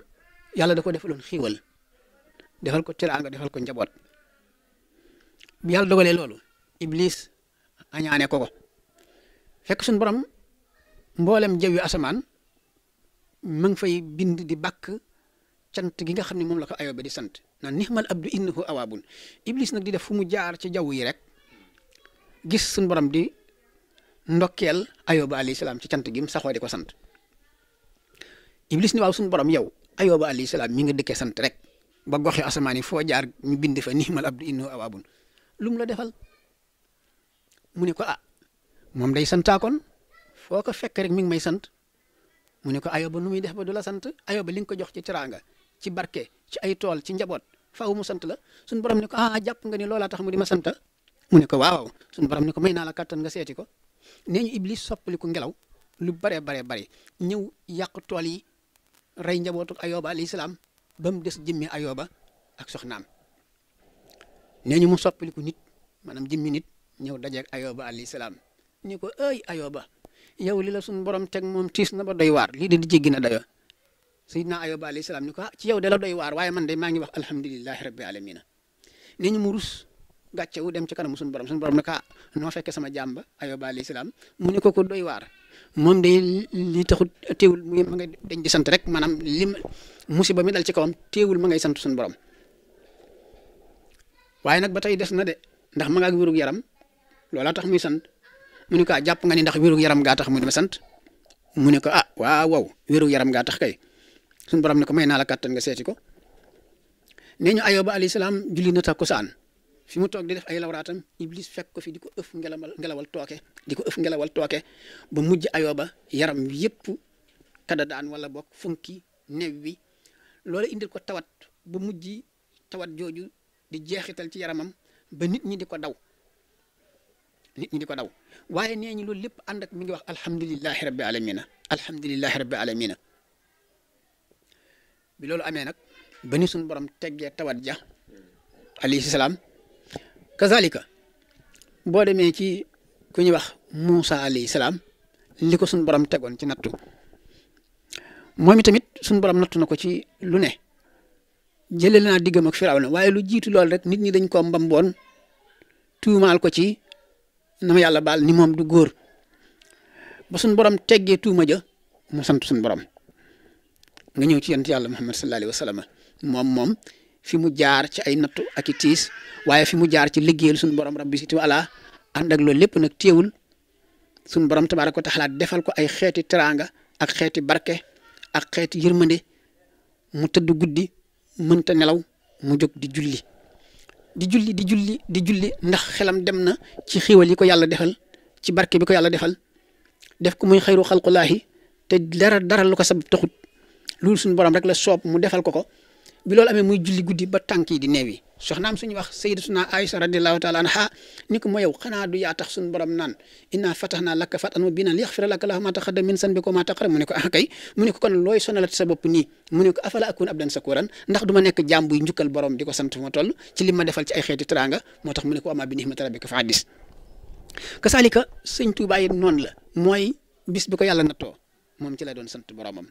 yàlla da ko defaloon xiiwal defal ko teraanga defal ko njaboot bi yàlla dogalee loolu Iblis añaane ko ko fekk suñu borom mboolem jëw asamaan mu ngi fay bind di bakk cant gi nga xam ne moom la ko Ayoba di sant naan nihmal abdu innahu awaabun Iblis nag di def fu mu jaar ci jaww yi rek gis suñu borom di ndokkeel Ayoba alayhi salaam ci cant gi mu saxoo di ko sant. Iblis ni waaw suñu borom yow Ayoba alayhi salaam mi nga dëkkee sant rek ba goxee asamaan yi foo jaar ñu bind fa niimal abdu innahu awaabun lu mu la defal mu ne ko ah moom day kon foo ko fekk rek mi ngi may sant mu ne ko Ayoba nu muy def ba du la sant Ayoba li nga ko jox ci teraanga ci barke ci ay tool ci njaboot faaw mu sant la suñu borom ne ko a ah, jàpp nga ni loolaa tax mu di ma sant mu ne ko waaw suñu borom ne ko may naa la kattan nga seeti ko nee ñu Iblis soppaliku ngelaw lu bare bare bare ñëw yàq tool yi. rey njabootu Ayoba alayhi salaam ba des jëmmi Ayoba ak soxnaam nee ñu mu soppaliku nit maanaam jëmmi nit ñëw dajeeg Ayoba alayhi salaam ni ko ay Ayoba yaw li la suñu borom teg moom tiis na ba doy waar lii de di jéggi na dayoo Seydina Ayoba alayhi salaam ni ko ah ci yow de la doy waar waaye man de maa ngi wax alhamdulilahi rabbi alamina nee ñu mu rus. gàcce wu dem ci kanamu sun borom suñu borom nag ah noo fekkee sama jàmba ayoba alayhi salaam mu ne ko ko doy moom de li taxut teewul mu nga dañ di sant rek maanaam lim musiba mi dal ci kawam teewul ma ngay sant suñu borom waaye nag ba tey des na de ndax ma nga ak wérug yaram loolaa tax muy sant mu ne ah, jàpp nga ni ndax wérug yaram gaa tax mu dama sant mu ne ko a ah, waaw waaw wérug yaram gaa tax kay suñu borom ne ko may naa la kàttan nga seeti ko nee ñu ayooba alayhi salaam julli na takkusaan fi mu toog di def ay lawraatam iblis fekk ko fi di ko ëf ngelawal ngelawal tooke di ko ëf ngelawal tooke ba mujj ayooba yaram yépp kada daan walla bokk funki new wi loolu indil ko tawat ba mujj tawat jooju di jeexital ci yaramam ba nit ñi di ko daw nit ñi di ko daw waaye nee ñi loolu lépp ànd mi ngi wax alhamdulilahi rabbi alamina alhamdulilahi rabbi alamina bi loolu amee nag ba ni suñu borom teggee tawat ja alayhi salaam kazalika boo demee ci ku ñuy wax Moussa alayhi salaam li ko suñu borom tegoon ci nattu moom itamit suñu borom nattu na ko ci lu ne jëlee naa diggam ak na waaye lu jiitu lool rek nit ñi dañ koo mbamboon tuumaal ko ci na ma yàlla baal ni moom du góor ba suñu borom teggee tuuma ja mu sant suñu borom nga ñëw ci yent yàlla Muhammad sallallahu alayhi moom moom fi mu jaar ci ay nattu ak tiis waaye fi mu jaar ci liggéeyal suñu borom rabbi si ala ànd ak loolu lépp nag téewul suñu borom tabaaraka wa taala defal ko ay xeeti teraanga ak xeeti barke ak xeeti yërmande mu tëdd guddi mënta nelaw mu jóg di julli di julli di julli di julli ndax xelam dem na ci xiiwal yi ko yàlla defal ci barke bi ko yàlla defal def ko muy xayru xalqulaahi te dara dara lu ko sabab taxut loolu suñu borom rek la soob mu defal ko ko. bi loolu amee muy julli guddi ba tànk yi di neew yi soxnaam suñu wax sayyidatuna Aïcha radiyallahu taala anha ni ko ma yow xanaa du yaa tax suñu borom naan inna fatahnaa laka fatan mubiinan liyaghfira laka llaahu maa taqaddama min zanbika wa maa ta'akhkhara mu ne ko ah, ko kon looy sonalat sa bopp nii mu ne nekk jaam buy njukkal borom ko sant fu ma toll ci li ma defal ci ay xeeti teraanga moo tax mu ne ko wa maa bi ni'mati rabbika fa haddis kasaalika la mooy bis bi ko yàlla nattoo moom ci la doon sant boromam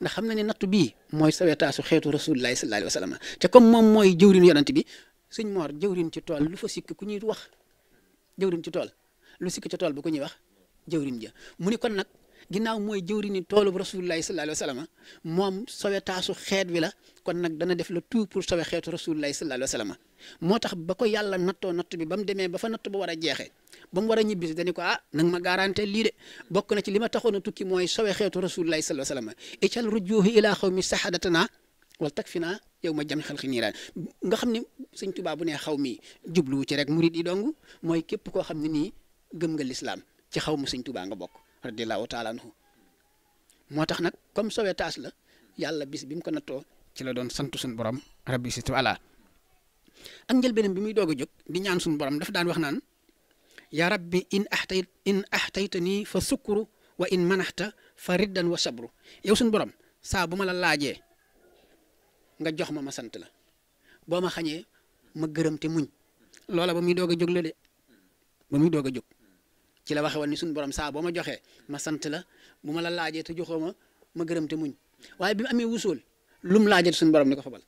ndax xam na ne nattu bii mooy sawetaasu xeetu rasulullahi sallallahu alayhi te comme moom mooy jëwriñ yonant bi suñ moor jëwriñ ci tool lu fa sikk ku ñuy wax jëwriñ ci tool lu sikk ci tool bu ko ñuy wax jëwriñ ja mu ni kon nag ginnaaw mooy jëwriñu toolu rasulullahi sallallahu alayhi wa sallam moom sowetaasu xeet wi la kon nag dana def le tout pour sowe xeetu rasulullahi sallallahu alayhi wa sallam moo tax ba ko yàlla nattoo natt bi ba mu demee ba fa natt ba war a jeexee ba war a ñibbisi dañu ko ah nag ma garanté lii de bokk na ci li ma taxoon a tukki mooy sowe xeetu rasulullahi sallallahu alayhi wa sallam ical rujuhi ilaa xaw mi sahadatana wal tak fi naa yow ma jam xalqi niiraan nga xam ne sëñ Tuubaa bu ne xaw mi jubluwu ci rek murid yi dong mooy képp koo xam ne nii gëm nga lislaam ci xaw mu sëñ Tuubaa nga bokk radiallahu taala moo tax nag comme sowe taas la yàlla bis bi mu ko nattoo ci la doon sant suñu borom rabbi si taala ak njëlbeenam bi muy doog a jóg ñaan suñu borom daf daan wax naan ya rabbi in axtay in axtayta nii fa sukkuru wa in manaxta fa riddan wa sabru yow suñu borom saa bu ma la laajee nga jox ma ma sant la boo ma xañee ma gërëmte muñ loola ba muy doog a jóg la de ba muy doog a jóg ci la waxe wan ni suñu borom saa boo ma joxee ma sant la bu ma la laajee te joxoo ma ma gërëm te muñ waaye bi mu amee wusool lu mu laajee suñu borom ni ko fabal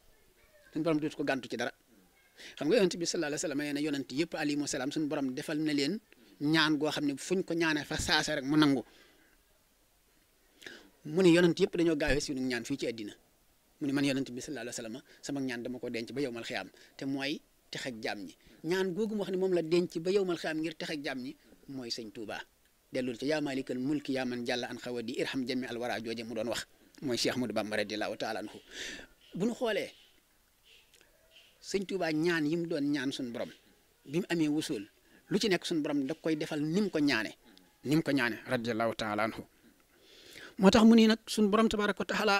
suñu borom dootu ko gantu ci dara xam nga yonent bi sallallahu alayhi wa sallam nee na yonent yëpp alayhimu salaam suñu borom defal na leen ñaan goo xam ne fuñ ko ñaanee fa saasa rek mu nangu mu ne yonent yëpp dañoo gaawee suñu ñaan fii ci àddina mu ne man yonent bi sallallahu alayhi wa sallam sama ñaan dama ko denc ba yowmal xiyaam te mooy tex ak jaam ñaan googu mu wax ne moom la denc ba yowmal xiyaam ngir tex ak jaam ñi mooy sëñ Touba dellul ci yaa maalikal mulki yaa man jàlla an xawa di irham jami alwara jooje mu doon wax mooy Cheikh Ahmadou Bamba radiyallahu taala anhu bu ñu xoolee sëñ Touba ñaan yi mu doon ñaan suñu borom bi mu amee wusul lu ci nekk suñu borom da koy defal ni mu ko ñaane ni mu ko ñaane radiallahu taala anhu moo tax mu nii nag suñu borom tabaraka wa taala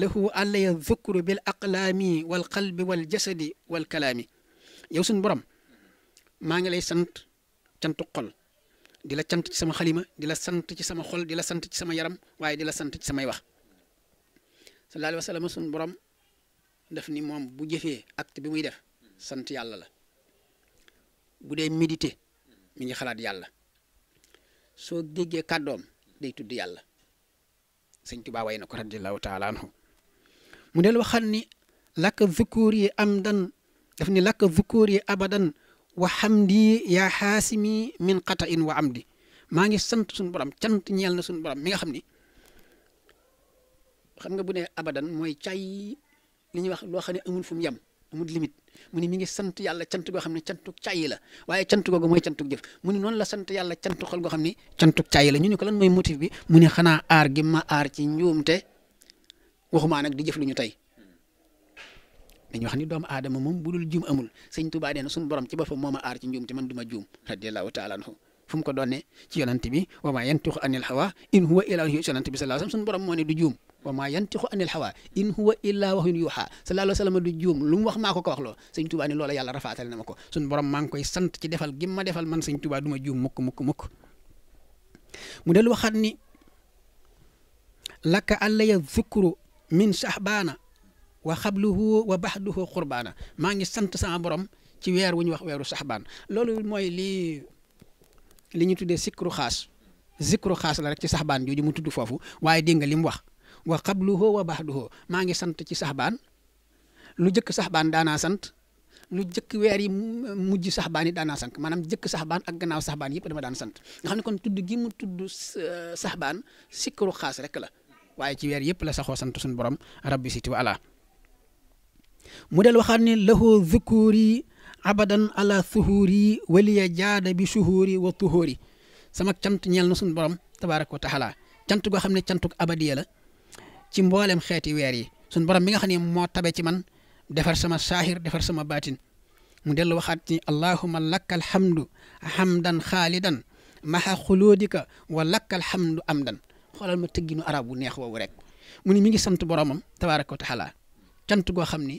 lahu àllaya dhukru bil aqlaami wal qalbi wal jasadi wal kalaami yow suñu borom maa ngi lay sant cantu xol di la cant ci sama xalima di la sant ci sama xol di la sant ci sama yaram waaye di la sant ci samay wax sallallahu alayhi wa daf ni moom bu jëfee acte bi muy def sant yàlla la bu dee méditer mi ngi xalaat yàlla soo déggee kàddoom day tudd yàlla sëñ Tuubaa way na ko radiallahu taala anhu mu del waxal ni lakka zukur yi am dan daf ni lakk zukur yi abadan wa hamdi yaa xaasimi min xata in wa maa ngi sant suñu borom cant ñeel na suñu borom mi nga xam ni xam nga bu ne abadan mooy cay li ñuy wax loo xam ne amul fu mu yem amul limite mu ni mi ngi sant yàlla cant goo xam ne cantuk caay la waaye cant googu mooy cantuk jëf mu ni noonu la sant yàlla cantu xol goo xam ne cantuk caay la ñu ne ko lan mooy motif bi mu ni xanaa aar gi ma aar ci njuumte waxumaa nag di jëf lu ñu tey dañuy wax ni doomu aadama moom bu dul juum amul sëñ Tuubaa nee na suñu borom ci boppam moo ma aar ci njuumte man du juum radiyallahu taala anhu fu ko doonee ci yonante bi wa ma yantiqu anil hawa in huwa illa wahyu yonante bi sallallahu alayhi borom moo ne du juum wa maa yantixu anil hawa in huwa illaa wahyun yuuhaa sallallahu alayhi wa sallam du juum lu mu wax maa ko ko wax loo sëñ Tuubaa ni loola yàlla rafaatal na ma ko suñ borom maa ngi koy sant ci defal gi ma defal man sëñ Tuubaa du ma juum mukk mukk mukk mu del waxaat ni lakka allaya zukru min sahbaana wa xabluhu wa baxduhu qurbaana maa ngi sant sama borom ci weer wu ñu wax weeru saxbaan loolu mooy lii li ñu tuddee sikru xaas zikru xaas la rek ci saxbaan jooju mu tudd foofu waaye dégg li mu wax wa qabluhu wa baxduhu maa ngi sant ci saxbaan lu jëkk saxbaan daanaa sant lu jëkk weer yi mujj saxbaan yi daanaa sant maanaam jëkk saxbaan ak gannaaw saxbaan yëpp dama daan sant nga xam ne kon tudd gi mu tudd euh, saxbaan sikkaru xaas rek la waaye ci weer yëpp la saxoo sant suñu borom rabbi siti wa mu del waxaat ne lahu dhukuri abadan ala thuhuri waliya jaada bi shuhuri wa tuhuri sama cant ñeel na suñu borom tabaraka wa taala cant goo xam ne cantuk abadiya la ci mboolem xeeti weer yi sun borom mi nga xam ne moo tabe ci man defar sama saahir defar sama baatin mu dellu waxaat ni allahuma lakka alhamdu hamdan xaalidan maha xuluudika wa lakka alhamdu amdan xoolal ma tëgginu arab bu neex woowu rek mu ni mi ngi sant boromam tabaraka wa taala cant goo xam ni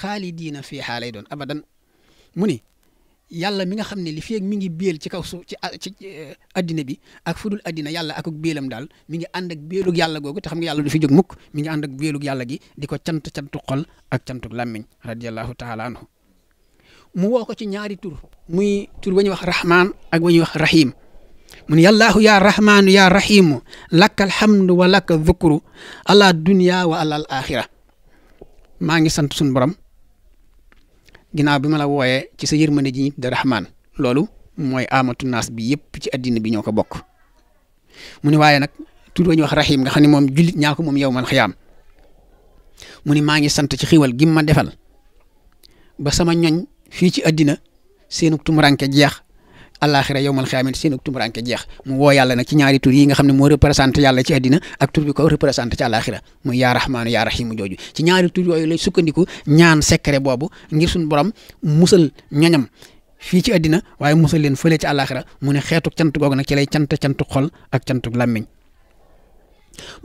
xaalidiina fii xaalay doon abadan mu ni yàlla mi nga xam ne li fi mi ngi béel ci kaw suuf ci ah, ci eh, addina bi ak fudul addina yàlla akuk béelam daal mi ngi ànd ak béelug yàlla googu te xam nga yàlla du fi jóg mukk mi ngi ànd ak béelug yàlla gi di ko cant cantu kol ak cantu làmmiñ radiyallahu taala anhu mu woo ko ci ñaari tur muy tur ba ñuy wax rahmaan ak ba ñuy wax rahim mu ne ya yaa rahmaanu yaa rahimu lakka alhamdu wa lakka dhukru ala dunya wa ala al axira maa ngi sant suñu borom ginnaaw bi ma la wooyee ci sa ne ji da rahmaan loolu mooy amatu naas bi yëpp ci addina bi ñoo ko bokk mu ne waaye nag tudd wañu wax rahim nga xam ne moom jullit ñaa ko moom yow man xiyaam mu ne maa ngi sant ci xiwal gi ma defal ba sama ñoñ fii ci addina seenu tumuranke jeex àllaaxira yow mal xiyaamit seen ak tumuranke jeex mu woo yàlla nag ci ñaari tur yi nga xam ne moo représenté yàlla ci àddina ak tur bi ko représenté ci àllaaxira muy yaa rahmaanu yaa rahimu jooju ci ñaari tur yooyu lay sukkandiku ñaan secret boobu ngir suñu borom musal ñoñam fii ci àddina waaye musal leen fële ci àllaaxira mu ne xeetu cant googu nag ci lay cant cantu xol ak cantu làmmiñ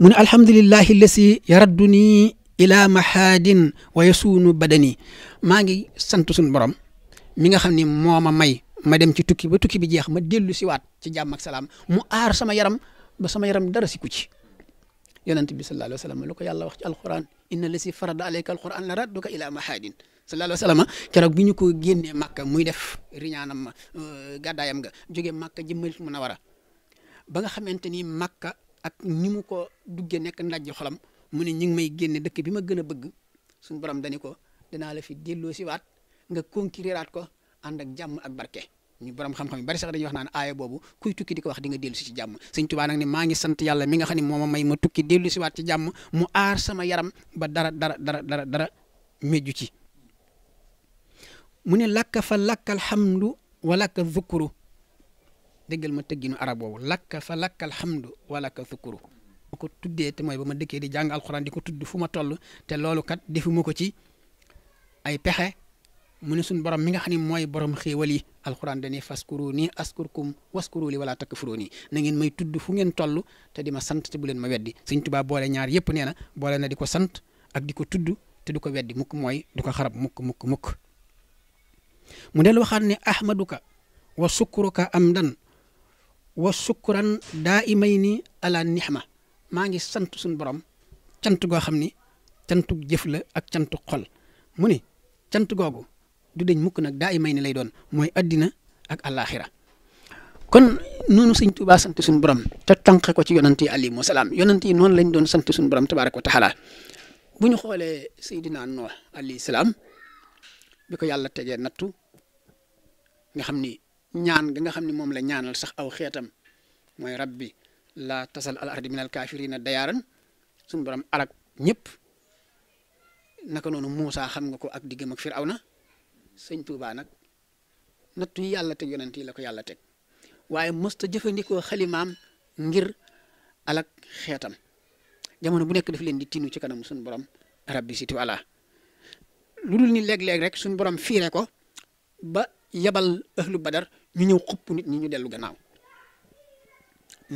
mu ne alhamdulillahi lasi yaradduni ila mahaadin wa yasuunu badani maa ngi sant suñu borom mi nga xam ne moo ma may ma dem ci tukki ba tukki bi jeex ma dellu siwaat ci jàmm salaam mu aar sama yaram ba sama yaram dara si ku ci yonent bi sallallahu alayhi wa sallam lu ko yàlla wax ci alquran inna lasi farada alayka alquran la radduka ila mahadin sallallahu alayhi wa sallam keroog bi ñu ko génnee màkka muy def riñaanam ma uh, gàddaayam ga jógee màkka jëmmalit mu nawara ba nga xamante ni màkka ak ñi mu ko duggee nekk ndajji xolam mu ne ñu ngi may génne dëkk bi ma gën a bëgg suñu borom dani ko dinaa la fi delloo siwaat nga conquériraat ko ànd ak jàmm ak barke ñu borom xam-xam yu bari sax dañuy wax naan aaya boobu kuy tukki di ko wax dinga dellu si ci jàmm sëñ Tuubaa nag ne maa ngi sant yàlla mi nga xam ne moo ma may ma tukki dellu si waat ci jàmm mu aar sama yaram ba dara dara dara dara dara mejju ci mu ne lakka fa lakka alhamdu wa lakka zukuru déggal ma tëgginu arab boobu lakka fa lakka alhamdu wa lakka zukuru ma ko tuddee te mooy ba ma dëkkee di jàng alxuraan di ko tudd fu ma toll te loolu kat defu ma ko ci ay pexe mu ne suñu borom mi nga xam ne mooy borom xéewal yi alxuraan dañuy faskuru nii askurkum waskuru li takk takfuru nii na ngeen may tudd fu ngeen toll te di ma sant te bu leen ma weddi Sëñ Tuubaa boole ñaar yëpp nee na boole na di ko sant ak di ko tudd te du ko weddi mukk mooy du ko xarab mukk mukk mukk mu del waxaat ne ahmaduka wa sukkuruka amdan wa sukkuran daa imay ni ala nixma maa ngi sant suñu borom cant goo xam ni cantu jëf la ak cantu xol mu sant cant du deñ mukk nag daa i may ni lay doon mooy addina ak àllaaxira kon noonu sëñ Tuubaa sant suñu borom te tànqe ko ci yonante yi alayhimu salaam yonante yi noonu lañ doon sant suñu borom tabaaraka wa taala bu ñu xoolee Seydina Nuux alayhi salaam bi ko yàlla tegee nattu nga xam ni ñaan ga nga xam ni moom la ñaanal sax aw xeetam mooy rabbi laa tasal al ardi min al kaafirina dayaaran suñu borom alak ñëpp naka noonu Muusaa xam nga ko ak diggam aw na sëñ Touba nag nattu yàlla teg yonent yi la ko yàlla teg waaye mosta jëfandikoo xalimaam ngir alak xeetam jamono bu nekk daf leen di tiinu ci kanam suñu borom rabbi situ ala lu dul ni léeg-léeg rek suñu borom fiire ko ba yabal ahlu badar ñu ñëw xupp nit ñi ñu dellu gannaaw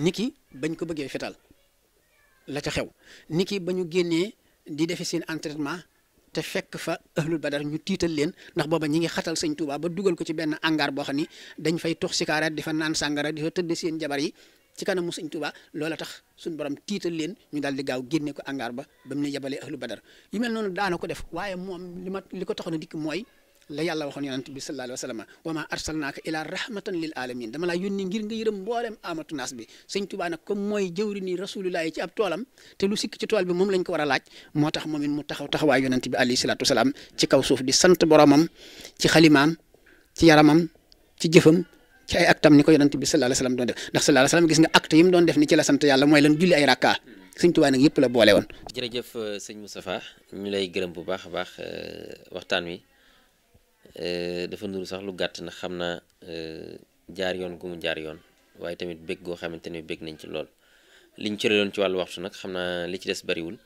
niki bañ ko bëggee fetal la ca xew niki ba ñu génnee di defe seen entraînement te fekk fa ahlul badar ñu tiital leen ndax booba ñi ngi xatal sañ Touba ba dugal ko ci benn angaar boo xam ni dañ fay tux sikaaraat di fa naan sàngara di fa tëdd seen jabar yi ci kanam sëñ Touba loola tax suñ borom tiital leen ñu daal gaaw génne ko angaar ba bam mu ne yabalee ahlu badar yu mel noonu daana ko def waaye moom li ma li ko taxoon a dikk mooy la yàlla waxoon yonent bi sallallahu a wa sallam wa ma arsalnaaka ila rahmatan lil alamin dama laa yónni ngir nga yërëm mboolem amatu naas bi sëñ Tuubaa nag mooy jëwri ni rasulullah yi ci ab toolam te lu sikk ci tool bi moom lañ ko war a laaj moo tax moom it mu taxaw taxawaay yonent bi alayhi salaatu wasalaam ci kaw suuf di sant boromam ci xalimaam ci yaramam ci jëfam ci ay actam ni ko yonent bi sallallahu alayhi wa sallam doon def ndax sallallahu alayhi gis nga acte yi doon def ni ci la sant yàlla mooy lan julli ay rakkaa sëñ Tuubaa nag yëpp la boole woon jërëjëf sëñ Moustapha ñu lay gërëm bu baax a baax euh, waxtaan wi Euh, dafa nuru sax lu gàtt na xam naa euh, jaar yoon gu mu jaar yoon waaye tamit bég goo xamante ne bég nañ ci lool liñ ci cëraloon ci wàllu waxtu nag xam naa li ci des bariwul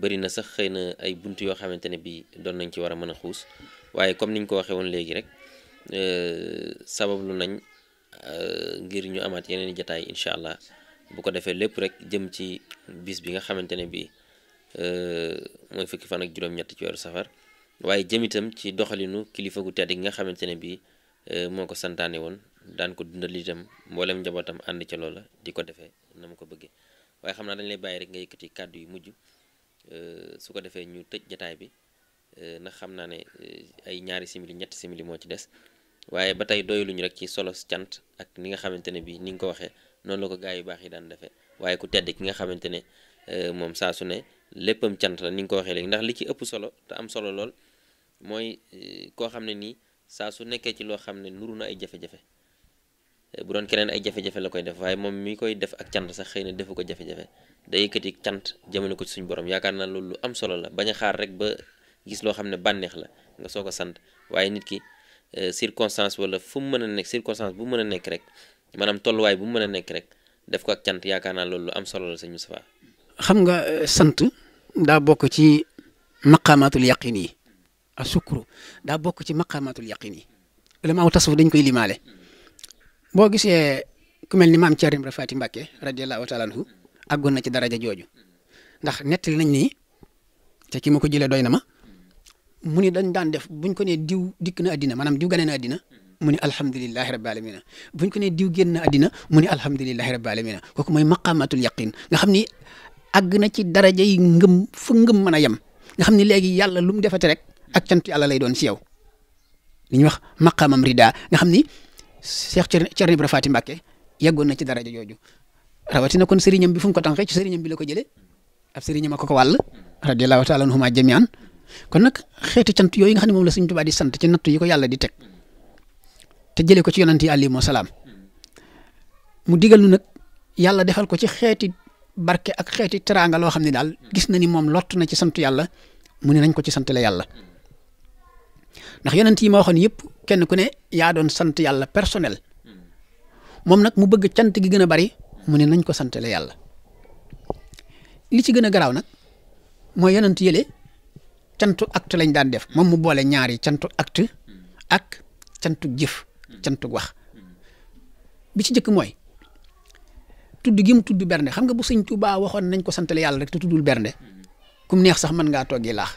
bari na sax xëy na ay bunt yoo xamante ne bi doon nañ ci war a mën a xuus waaye comme ni ñu ko waxee woon léegi rek euh, sabablu nañ ngir ñu amaat yeneen i jataay incha allah bu ko defee lépp rek jëm ci bis bi nga xamante ne bi mooy fukki fan ak juróom-ñett ci weeru safar waaye jëm itam ci doxalinu kilifa gu tedd gi nga xamante ne bii euh, moo ko santaane woon daan ko dundal itam mboolem njabootam ànd ca loola di ko defee na mu ko bëggee waaye xam naa dañ lay bàyyi rek nga yëkkati kàddu yu mujj euh, su ko defee ñu tëj jataay bi euh, ndax xam naa ne ay ñaari simili ñetti simili moo ci des waaye ba tey doyuluñu rek ci solos cant ak ni nga xamante ne bii ni nga ko waxee noonu la ko gaa yu baax yi daan defee waaye ku tedd ki nga xamante ne moom saa su ne léppam cant la ni nga ko waxee léegi ndax li ci ëpp solo te am solo lool. mooy eh, koo xam ne nii saa su nekkee ci loo xam ne nuru na ay jafe-jafe eh, bu doon keneen ay jafe-jafe la koy def waaye moom mi koy def ak cant sax xëy na defu ko jafe-jafe day yëkkati cant jëmale ko ci suñu borom yaakaar naa loolu lu am solo la bañ a ba gis loo xam ne bànneex la nga soo ko sant waaye nit ki eh, circonstance wala fu mu mën a nekk circonstance bu mën a nekk rek maanaam tolluwaay mën a nekk rek def ko ak cant yaakaar naa loolu lu am solo la sëñ Moustapha xam nga sant daa bokk ci maqaamaatul yaqin yi asukru daa bokk ci maqamatul yaqin yi ulama aw tasawuf dañ koy limaale boo gisee ku ni maam Thierno Ibra Faty Mbacké radiyallahu taala anhu àggoon na ci daraja jooju ndax nettali nañ ni te ki ma ko jëlee doy na ma mu ni dañ daan def buñ ko nee diw dikk na addina maanaam diw gane na addina mu ni alhamdulilahi rabbil alamina buñ ko nee diw génn addina mu ni alhamdulilahi rabbil alamina kooku mooy maqamatul yaqin nga xam ni àgg na ci daraja yi ngëm fa ngëm mën a yem nga xam ni léegi yàlla lu mu rek ak cant yàlla lay doon si yow li ñuy wax maqaamam rida nga xam ni Cheikh Thierno Ibra Faty Mbacké yeggoon na ci daraja jooju rawatina kon sëriñam bi fu ko tànkee ci sëriñam bi la ko jëlee ab sëriñam a ko ko wàll radiyallahu taala anhuma jamian kon nag xeeti cant yooyu nga xam ne moom la Sëriñ Tuubaa di sant ci natt yi ko yàlla di teg te jëlee ko ci yonanti yi alayhimu salaam mu digal nu nag yàlla defal ko ci xeeti barke ak xeeti teraanga loo xam ne daal gis na ni moom lott na ci sant yàlla mu nañ ko ci santale yàlla ndax yonent yi ma waxoon yëpp kenn ku ne yaa doon sant yàlla personnel moom nag mu bëgg cant gi gën a bari mu ne nañ ko santale yàlla li ci gën a garaaw nag mooy yonent yële cantu akt lañ daan def moom mu boole ñaari cantu acte ak cantu jëf cantu wax bi ci njëkk mooy tudd gi mu tudd bernde xam nga bu sëñ Tuubaa waxoon nañ ko santale yàlla rek te tuddul bernde kum neex sax mën ngaa toggee laax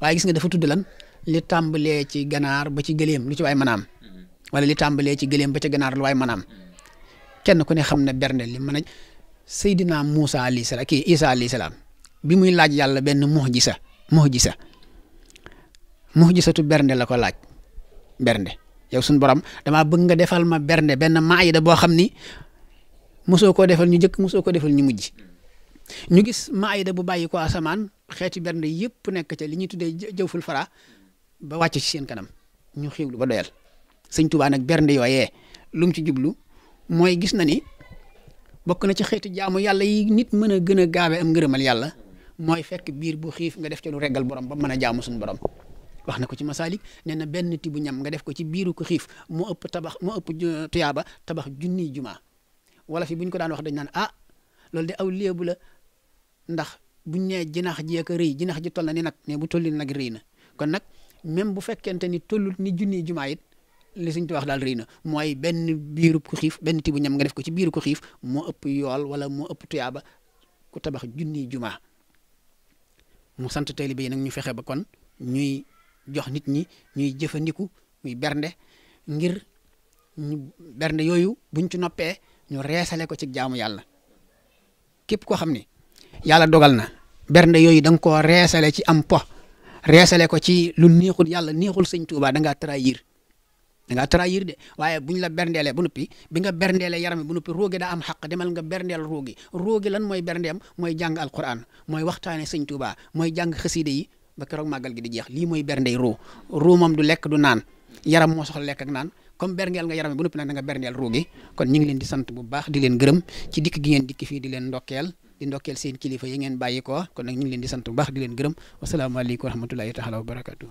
waaye gis nga dafa tudd lan li tàmbalee ci ganaar ba ci gëléem lu ci waay manaam mm-hmm. wala li tàmbalee ci gëléem ba ci ganaar lu waay manaam mm-hmm. kenn ku ne xam na bernde li mën a Seydina Muusa alayhi salaam kii Isa alayhi salaam bi muy laaj yàlla benn muhjisa muhjisa muhjisatu bernde la ko laaj bernde yow suñu borom damaa bëgg nga defal ma bernde benn maayida boo xam ni mosoo koo defal ñu njëkk mosoo ko defal ñu mujj mm-hmm. ñu gis maayida bu bàyyi ko asamaan xeeti bernde yëpp nekk ca li ñuy tuddee jëwful fara ba wàcc ci seen kanam ñu xiwlu ba doyal sëñ Tuubaa nag bernde yooyee lum ci jublu mooy gis na ni bokk na ci xeetu jaamu yàlla yi nit mën a gën a gaawe am ngërëmal yàlla mooy fekk biir bu xiif nga def ca lu reggal borom ba mën a jaamu suñu borom wax na ko ci masaalik nee na benn tibu ñam nga def ko ci biiru ko xiif moo ëpp tabax moo ëpp tuyaaba tabax junniy jumaa wala fi buñ ko daan wax dañ naan ah loolu de aw léebu la ndax buñ nee jinax jee jinax ji toll na ni nag mais bu tollin nag rëy na même bu fekkente ni tollut ni junni jumaa it li suñ wax daal rëy na mooy benn biirub ku xiif benn tibu ñam nga def ko ci biiru ku xiif moo ëpp yool wala moo ëpp tuyaaba ku tabax junniy jumaa mu sant taalibe yi nag ñu fexe ba kon ñuy jox nit ñi ñuy jëfandiku muy bernde ngir ñu bernde yooyu buñ ci noppee ñu reesale ko ci jaamu yàlla képp koo xam ni yàlla dogal na bernde yooyu da nga koo reesale ci am reesale ko ci lu neexul yàlla neexul sëñ Touba da tara trahir da tara yir de waaye bu ñu la berndeelee ba noppi bi nga berndeelee yaram bu noppi ruugi daa xaq demal nga berndeel ruugi ruugi lan mooy berndeem mooy jàng alquran mooy waxtaane sëñ Touba mooy jàng xaside ba keroog màggal gi di jeex lii mooy berndey ruu ruu moom du lekk du naan yaram moo soxla lekk ak naan comme berndeel nga yaram bu noppi nag da nga berndeel ruugi kon ñu ngi di sant bu baax di leen gërëm ci dikk gi ngeen dikk fii di leen ndokkeel di ndokkeel seen kilifa yi ngeen bàyyi ko kon nag ñu ngi leen di sant bu baax di len gërëm wasalaamaaleykum wa rahmatulahi taala wa barakatu